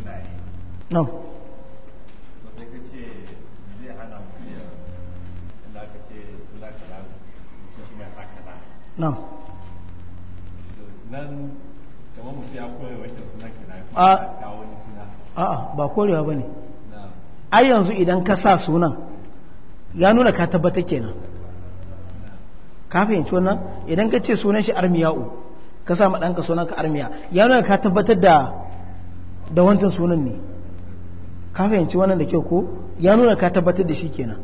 sunaye no sai ka ce a'a ba korewa ba ne ai yanzu idan ka sa sunan ya nuna ka tabbata kenan Kafin fahimci idan ka ce sunan shi armiya'u ka sa maɗanka ɗanka sunan ka armiya ya nuna ka tabbatar da da wancan sunan ne ka fahimci wannan da kyau ko ya nuna ka tabbatar da shi kenan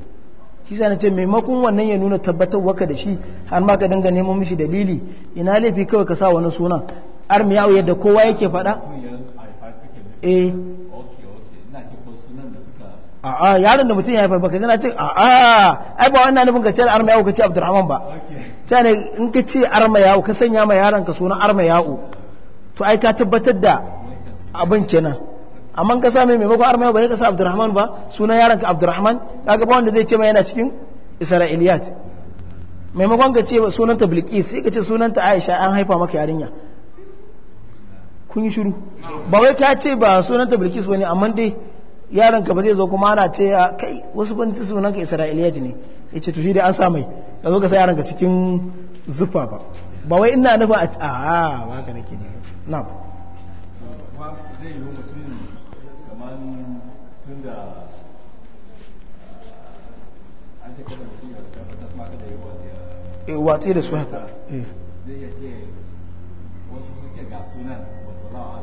shi sa na ce maimakon wannan ya nuna tabbatar waka da shi har ma ka danga neman mishi dalili ina laifi kawai ka sa wani sunan armiyawu yadda kowa yake faɗa eh a'a yaron da mutum ya haifar baka zina ce a'a ai ba wannan nufin ka ce arma yawo ka ce abdurrahman ba ta ne in ka ce arma yawo ka sanya ma yaron ka sunan arma yawo to ai ka tabbatar da abin kenan amma ka same maimakon armaya ba ya kasa abdurrahman ba sunan yaran ka abdurrahman kaga gaba wanda zai ce mai yana cikin isra'iliyat maimakon ka ce sunanta bilqis sai ka ce sunanta aisha an haifa maka yarinya kun yi shiru ba wai ka ce ba sunanta bilqis ne amma dai yaran ka ba zai zo kuma ana ce ah, kai wasu ban ci sunan ka isra'iliyat ne ya to shi dai an sa mai ka zo ka sa yaran ka cikin zufa ba ba wai ina nufa a a ah, ba ka nake ne na'am zai yi mutum kamar tun da ah, an ta kada mutum ya fata maka da yi eh, watsi da su haka eh. zai ya ce wasu suke ga sunan wallawa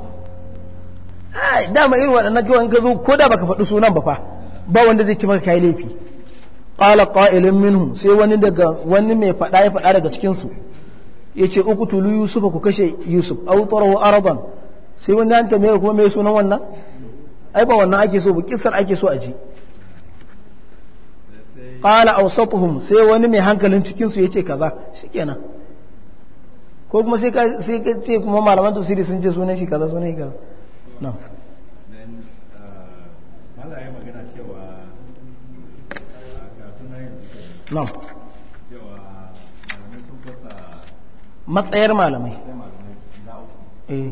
alam dama irin waɗannan jiwon gazo ko da baka faɗi sunan ba fa ba wanda zai ci maka kai laifi qala qa'ilun minhum sai wani daga wani mai faɗa ya faɗa daga cikin su yace uku tulu yusufa ku kashe yusuf aw aradan sai wani an tambaye kuma mai sunan wannan ai ba wannan ake so ba kisar ake so a ji qala awsatuhum sai wani mai hankalin cikin su yace kaza shikenan ko kuma sai ka sai ce kuma malaman tafsiri sun ce sunan shi kaza sunan shi kaza uh, na uh, na malamai matsayar malamai eh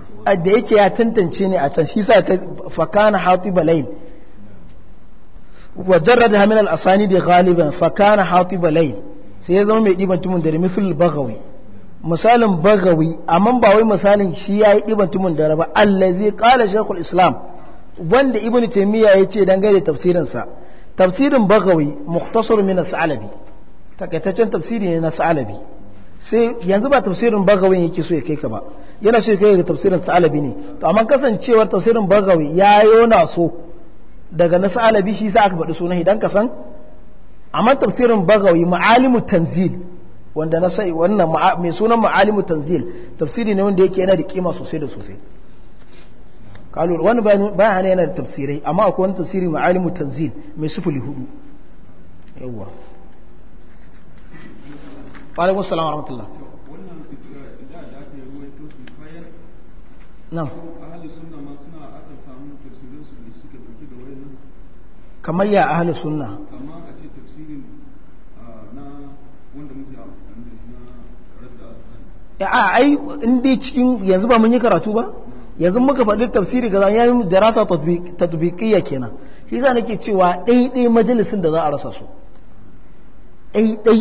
da yake ya tantance ne a can shi sa ta fakana hatiba layl wa jarrada min al da ghaliban fakana hatiba layl sai ya zama mai diban tumun dare mithl baghawi misalin bagawi amma ba wai misalin shi yayi diban tumun dare ba allazi qala shaykhul islam wanda ibnu taymiya yace dangane da tafsirin sa tafsirin bagawi mukhtasar min as-alabi takaitaccen tafsiri ne na salabi sai yanzu ba tafsirin bagawin yake so ya kai ka ba yana so kai ga tafsirin sa'alabi ne to amma kasancewar tafsirin bazawi ya yona so daga na sa'alabi shi sa aka faɗi sunan idan ka san amma tafsirin bazawi ma'alimu tanzil wanda na sai wannan mai sunan ma'alimu tanzil tafsiri ne wanda yake yana da kima sosai da sosai kalu wani bayan hana yana da tafsirai amma akwai wani tafsiri ma'alimu tanzil mai sufuli hudu yawwa wa alaikum assalam wa rahmatullah nan kamar ya ahli sunna a a ai inda cikin yanzu ba mun yi karatu ba yanzu muka faɗi tafsiri kaza ya yi darasa tatbiqiyya kenan shi za nake cewa ɗaiɗai majalisun da za a rasa su ɗaiɗai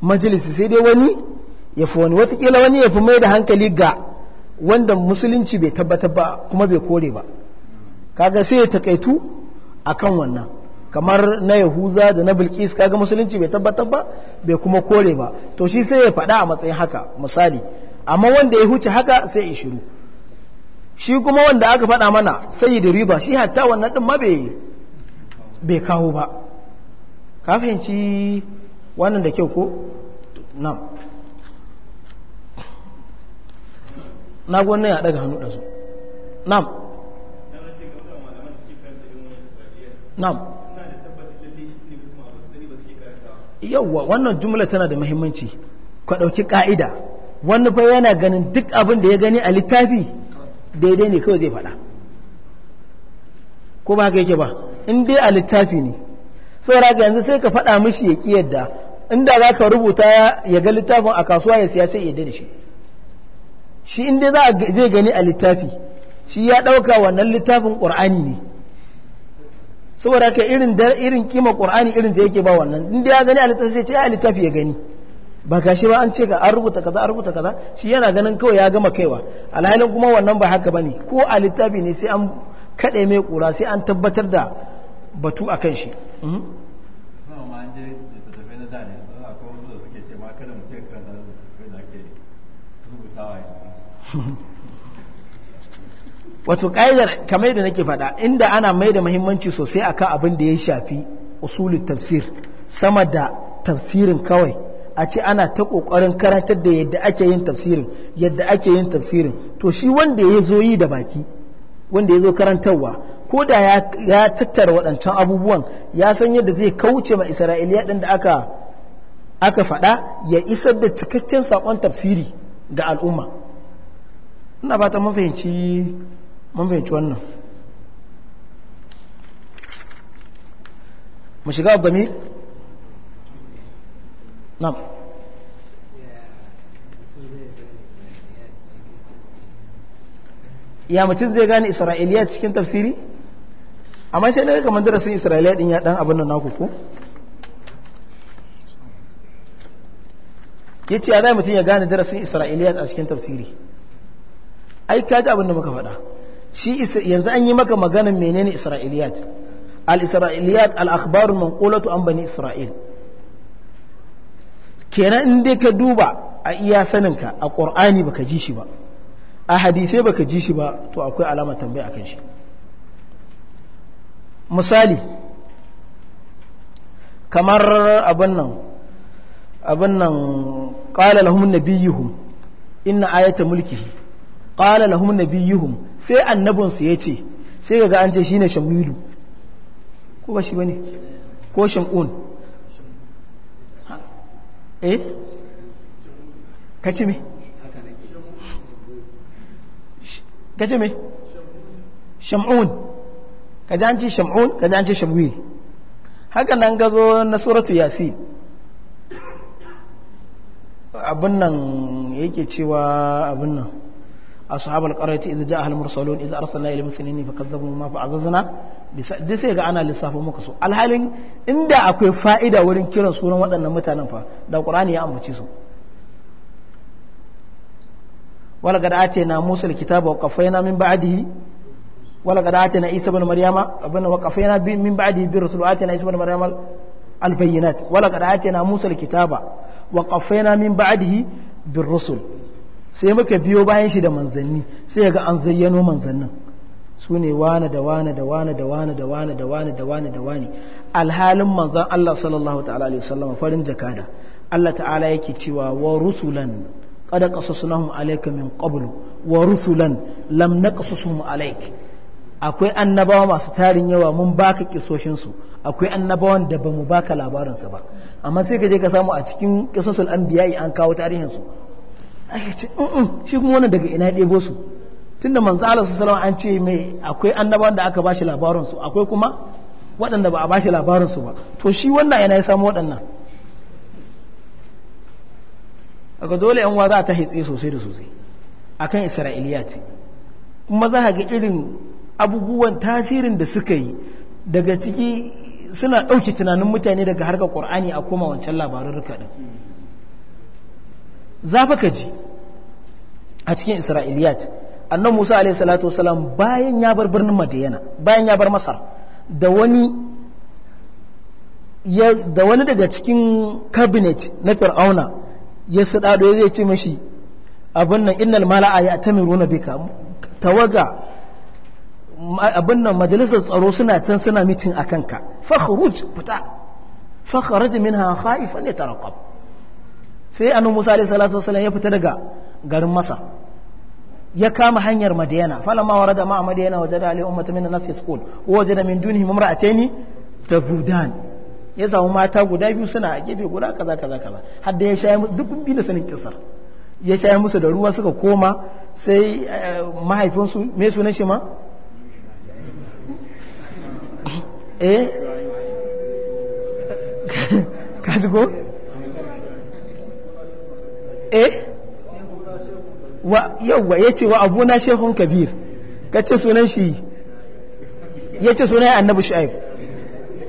majalisi sai dai wani ya fi wani watakila wani ya fi mai da hankali ga wanda musulunci bai tabbatar ba kuma bai kore ba kaga sai ya takaitu akan wannan kamar na yahuza da na bilkis kaga musulunci bai tabbatar ba bai kuma kore ba to shi sai ya faɗa a matsayin haka misali amma wanda ya huce haka sai ya shiru shi kuma wanda aka faɗa mana sai da riba shi hatta wannan ɗin ma bai kawo ba ka fahimci wannan da kyau ko? na'am na gwanin ya daga hannu ɗansu nam nam yauwa wannan jumla tana da mahimmanci ka ɗauki ƙa'ida wani fa yana ganin duk abin da ya gani a littafi daidai ne kawai zai faɗa ko ba ka yake ba in dai a littafi ne saura ga yanzu sai ka faɗa mishi ya ƙi yadda inda za ka rubuta ya ga littafin a kasuwa ya siya sai ya da shi shi inda zai gani a littafi shi ya ɗauka wannan littafin ƙorani ne saboda ka irin irin kima ƙur'ani irin da yake ba wannan inda ya gani a littafi sai ce a littafi ya gani ba ka shi ba an ce ka an rubuta kaza an rubuta kaza shi yana ganin kawai ya gama kaiwa alhalin kuma wannan ba haka bane ko a littafi ne sai an kaɗe mai ƙura sai an tabbatar da batu a kan shi hmm? [LAUGHS] wato ƙa'idar kamar da nake faɗa inda ana mai da muhimmanci sosai a akan abin da ya shafi usulun tafsir sama da tafsirin kawai a ce ana ta ƙoƙarin karantar da yadda ake yin tafsirin yadda ake yin tafsirin to shi wanda ya zo yi da baki wanda ya zo karantarwa ko da ya tattara waɗancan abubuwan ya san yadda zai kauce ma isra'iliya ɗin da aka aka faɗa ya isar da cikakken saƙon tafsiri ga al'umma ina ba ta mafihinci wannan mu shiga abdami na ya mutum zai gane isra'iliya cikin tafsiri amma ne ga kamar darasin isra'iliya din ya dan abin nan kuku ko yace ya zai mutum ya gane darasin isra'iliya a cikin tafsiri ai ka ji abin da muka faɗa shi yanzu an yi maka magana menene isra'iliyat al-isra'iliyat al-akhbar manqulatu an bani isra'il kenan in dai ka duba a iya saninka a qur'ani baka ji shi ba a hadisai baka ji shi ba to akwai alama tambaya akan shi misali kamar abin nan abin nan qala lahum nabiyuhum inna ayata mulkihi ƙala lahum nabiyuhum sai annabinsu ya ce sai ga an ce ne shamilu ko ba shi ne ko shamun eh kace me kace me shamun ji an ce shamun ji an ce shamwil haka nan gazo na suratu yasi abin nan yake cewa abin nan ashabul qaryati idza ja'a al-mursalun idza arsalna ila muthlin fakazzabu ma fa'azazna duk sai ga ana lissafo muka su alhalin inda akwai fa'ida wurin kiran sunan waɗannan mutanen fa da qur'ani ya ambace su wala qad atayna musa kitaba wa musa kitaba min bir rusul sai muka biyo bayan shi da manzanni sai ga an zayyano manzannin su ne wane da wane da wane da wane da wane da wane da wane da wane alhalin manzan Allah sallallahu ta'ala alaihi sallama farin jakada Allah ta'ala yake cewa wa rusulan kada qasasnahum alayka min qablu wa rusulan lam naqasushum alayk akwai annabawa masu tarin yawa mun baka kisoshin su akwai annabawan da bamu baka labarin su ba amma sai ka je ka samu a cikin qisasul anbiya'i an kawo tarihin su aka ce mm, mm, shi kuma wannan daga ina ɗebo su tunda manzo su salama an ce mai akwai annabawan da aka bashi labaransu akwai kuma waɗanda ba a bashi labaransu ba to shi wannan yana ya samu waɗannan Daga dole yan za ta hitsi sosai da sosai a kan isra'iliya ce kuma za ga irin abubuwan tasirin da suka yi daga ciki suna ɗauki tunanin mutane daga harkar ƙwar'ani a koma wancan labarin ɗin za ka ji a cikin isra'iliyat annan musa alaihi salatu wasalam bayan ya bar birnin madiyana bayan ya bar masar da wani daga cikin cabinet na fir'auna ya sadado zai ce mashi abin nan innal mala'a ya na bika tawaga abin nan majalisar tsaro suna can suna mitin akan ka fakhruj fita fakhraj minha khaifan yatarqab sai annabi Musa alaihi salatu wasallam ya fita daga garin Masa ya kama hanyar Madiyana falamma warada ma Madiyana wajada alaihi ummatan min nas yasqul wajada min dunhi imra'atayn tafudan ya samu mata guda biyu suna a gefe guda kaza kaza kaza har da ya shaya musu duk bi da sanin kisar ya sha musu da ruwa suka koma sai eh, mahaifinsu me sunan shi ma eh [LAUGHS] kaji ko eh yauwa ya ce wa abuna shehun kabir ka ce sunan shi ya ce sunan annabi shu'aib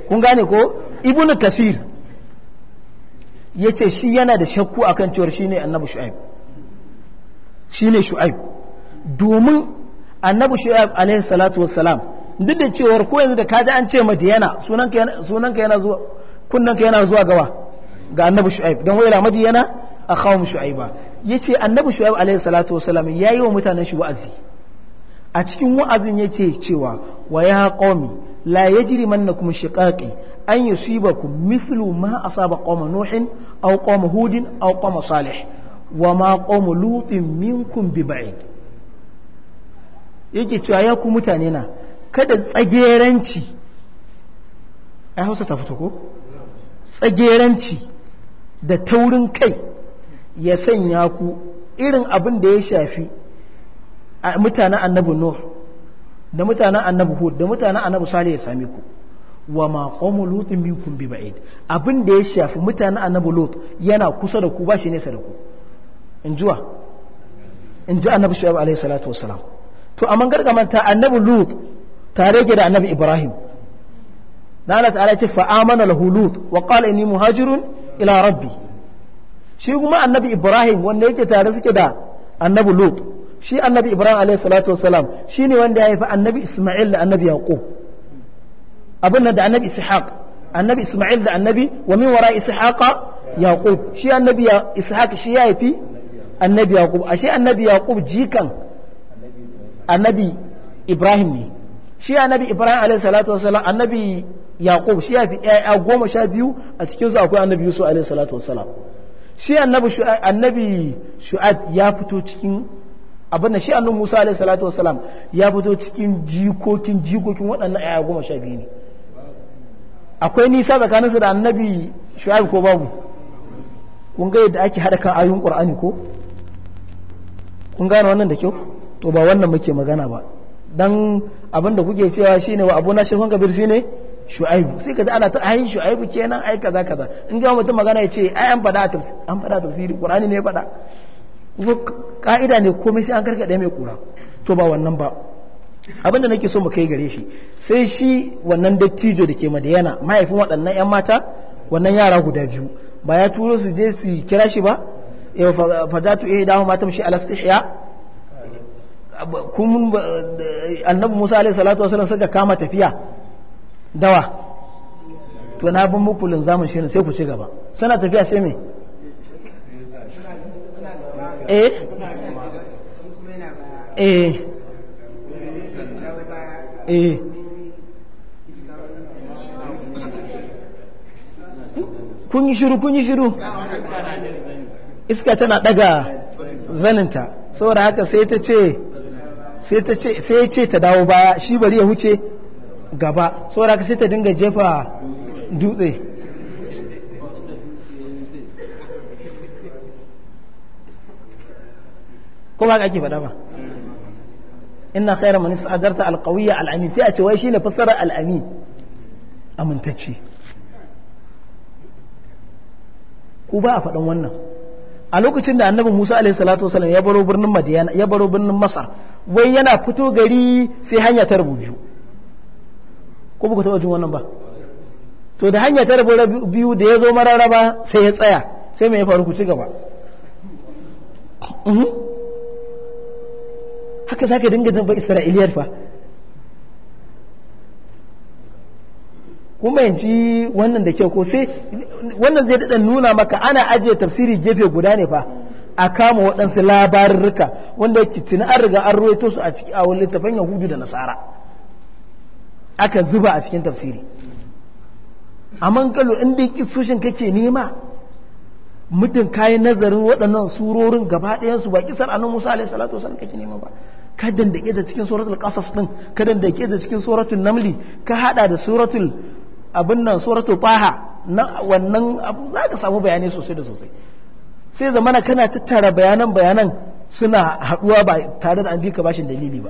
kun gane ko ibnu tafir ya ce shi yana da shakku akan cewar shi ne annabi shu'aib shi ne shu'aib domin annabi shu'aib alayhi salatu wassalam duk da cewar ko yanzu da kaji an ce madiyana sunanka yana zuwa kunnanka yana zuwa gawa ga annabi shu'aib don wai madiyana A akhawum shu'aiba ce annabi shu'aib alaihi salatu wasalam yi wa mutanen shi wa'azi a cikin wa'azin ce cewa wa ya qaumi la yajrimannakum shiqaqi an yusibakum mithlu ma asaba qauma nuhin aw qauma hudin aw qauma salih wa ma qauma lutin minkum biba'id yake cewa ya ku mutane na kada tsageranci ai hausa ta fito ko tsageranci da taurin kai ya sanya ku irin abin da ya shafi mutanen annabi nuh da mutanen annabi hud da mutanen annabi salih ya sami ku wa ma qawmu lutin minkum bi ba'id abin da ya shafi mutanen annabi lut yana kusa da ku ba shi nesa da ku in jiwa in ji annabi shu'aib alaihi salatu wasalam to amma gargamanta annabi lut tare yake da annabi ibrahim da Allah ta'ala ya ce fa amana lahu lut wa qala inni muhajirun ila rabbi shi kuma annabi ibrahim wanda yake tare suke da annabi lut shi annabi ibrahim alaihi salatu wasalam shine wanda ya haifi annabi isma'il da annabi yaqub abin da annabi ishaq annabi isma'il da annabi wa min wara ishaqa yaqub shi annabi ishaq shi ya haifi annabi yaqub ashe annabi yaqub jikan annabi ibrahim ne shi annabi ibrahim alaihi salatu wasalam annabi yaqub shi ya fi 'ya'ya goma sha biyu a cikinsu akwai annabi yusuf alaihi salatu wasalam shi annabi shu'ad ya fito cikin abin da shi annan musa alaihi salatu wasalam ya fito cikin jikokin jikokin waɗannan aya goma sha biyu ne akwai nisa tsakaninsu da annabi shu'ad ko babu kun ga yadda ake haɗa kan ayoyin ƙur'ani ko kun gane wannan da kyau to ba wannan muke magana ba dan abin da kuke cewa shine wa abu na shehun kabir shine shu'aibu sai ka ji ana ta ayin shu'aibu kenan ai kaza kaza in ga mutum magana ya ce ai an faɗa tafsir an fada tafsiri qur'ani ne ya faɗa ko ka'ida ne komai sai an da mai kura to ba wannan ba abin da nake so mu kai gare shi sai shi wannan dattijo da ke madiyana mahaifin waɗannan yan mata wannan yara guda biyu ba ya turo su je su kira shi ba eh, fadatu eh dawo matam shi alastihya kun annabi Musa alaihi salatu wasallam saka kama tafiya dawa to na bin muku linzamin shi ne sai ku ci gaba suna tafiya sai me eh eh eh kun yi shiru kun yi shiru iska tana daga zaninta saboda haka sai ta ce sai ta ce sai ce ta dawo baya shi bari ya huce gaba saboda ka sai ta dinga jefa dutse ko ba ka ke faɗa ba inna khairu man ista'jarta alkawiyya alamin sai a ce wai ne fassara alamin amintacce ku ba a faɗin wannan a lokacin da annabin Musa alaihi salatu ya baro birnin Madiyana ya baro birnin Masar wai yana fito gari sai hanya ta rubu biyu ko buka taba jin wannan ba to da hanya ta rabu biyu da ya zo mararaba sai ya tsaya sai mai faru ku ci gaba mhm. haka za ka dinga zamba isra'iliyar fa kuma yanci wannan da kyau ko sai wannan zai daɗa nuna maka ana ajiye tafsiri gefe guda ne fa a kama waɗansu labarurruka wanda yake tuni an riga an ruwaito su a ciki a wani littafin yahudu da nasara aka zuba a cikin tafsiri amma kalu in dai kisoshin kake nema mutum kayi nazarin waɗannan surorin gaba su ba kisar annabi Musa alaihi salatu wasallam kake nema ba kadan da ke da cikin suratul qasas din kadan da ke da cikin suratul namli ka hada da suratul abin nan suratul taha na wannan abu za ka samu bayanai sosai da sosai sai zamana kana tattara bayanan bayanan suna haɗuwa ba tare da an bi ka bashin dalili ba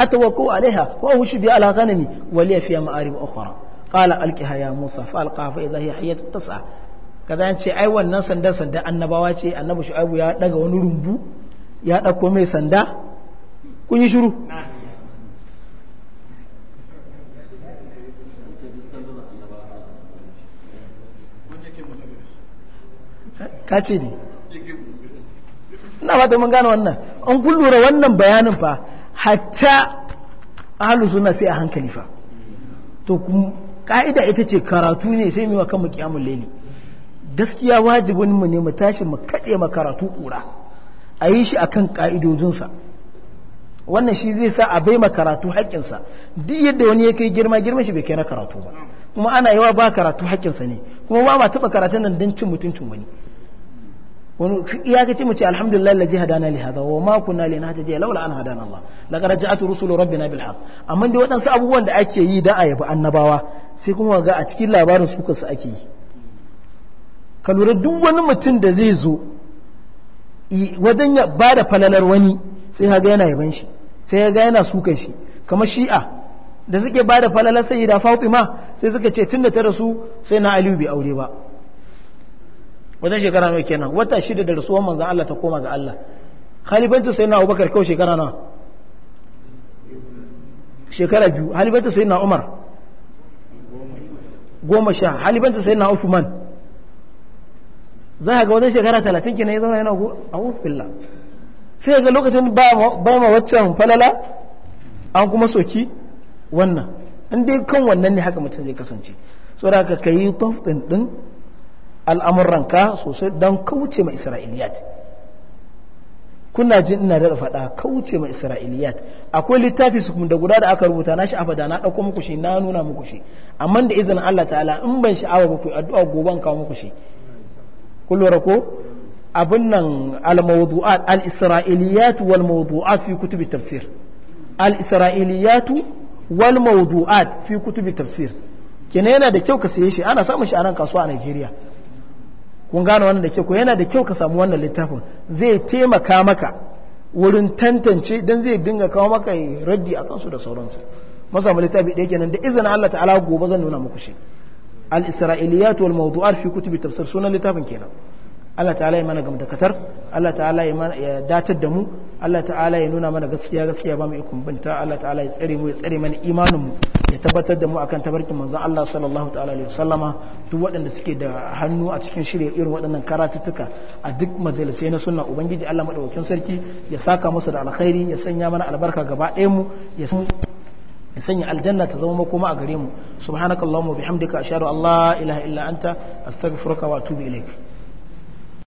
أتوكو عليها وأهش بها على غنمي ولي فيها مآرب أخرى قال ألقها يا موسى فألقاها فإذا هي حية تسعى kaza an ce ai wannan sanda sanda annabawa ce annabi shu'aibu ya daga wani rumbu ya dauko mai sanda kun yi shiru ne fata mun gane wannan an kullura lura wannan bayanin fa hatta ahlu suna sai a hankali fa to ka'ida ita ce karatu ne sai mewa kan mukiyamun laili gaskiya wajibin mu ne mu tashi mu kade makaratu kura a yi shi akan ka'idojinsa wannan shi zai sa a bai karatu haƙƙinsa duk yadda wani ya kai girma girma shi bai kai na karatu ba kuma ana yawa ba karatu haƙƙinsa ne kuma ba ma taɓa karatun nan don cin mutuncin wani wani ce mu ce alhamdulillah allazi hadana li hadha wa ma kunna linahtadiya laula an hadana Allah laqad ja'at rusulu rabbina bil haqq amma dai waɗansu abubuwan da ake yi da ayaba annabawa sai kuma ga a cikin labarin su kansu ake yi ka lura duk wani mutum da zai zo wajen ya da falalar wani sai kaga yana yaban shi sai kaga yana sukan shi kamar shi'a da suke bada falalar sayyida Fatima sai suka ce tunda ta rasu sai na Aliyu bai aure ba wajen shekara nawa kenan wata shida da rasuwar manzon Allah ta koma ga Allah khalifantu sayyidina Abubakar kawai shekara nawa shekara biyu halibanta sai na umar goma sha halibanta sai na ufuman za a ga wajen shekara talatin kina ya zauna yana a wufilla sai ga lokacin ba ma waccan falala an kuma soki wannan inda kan wannan ne haka mutum zai kasance saboda ka tof ɗin din ka sosai don kauce ma isra'iliyat kuna ji ina daga fada kauce ma isra'iliyat akwai littafi su da guda da aka rubuta na sha'afa da na ɗauko muku na nuna muku shi amma da izinin Allah ta'ala in ban sha'awa ba ku addu'a goban kawo muku shi ko abin nan al-mawdu'at al-isra'iliyat wal mawdu'at fi kutubi tafsir al-isra'iliyat wal mawdu'at fi kutubi tafsir kenan yana da kyau ka saye shi ana samun shi a nan kasuwa a Najeriya kun gane wannan da ke ko yana da kyau ka samu wannan littafin zai taimaka maka wurin tantance don zai dinga kawo maka raddi a kansu da sauransu amma littafi ɗaya kenan da izinin Allah ta'ala gobe zan nuna muku shi al isra'iliyatu wal mawdu'at fi kutubi tafsir sunan littafin kenan Allah ta'ala ya mana gamdakatar Allah ta'ala ya datar da mu Allah ta'ala ya nuna mana gaskiya gaskiya ba mu ikon Allah ta'ala ya tsare mu ya tsare mana imanin mu ya tabbatar da mu akan tabarkin manzon Allah sallallahu ta'ala alaihi wasallama duk waɗanda suke da hannu a cikin shirye irin waɗannan karatuttuka a duk majalisai na sunna ubangiji Allah madaukakin sarki ya saka musu da alkhairi ya sanya mana albarka gaba ɗayan mu ya sanya aljanna ta zama makoma a gare mu subhanakallahumma bihamdika ashhadu an la ilaha illa anta astaghfiruka wa atubu ilaik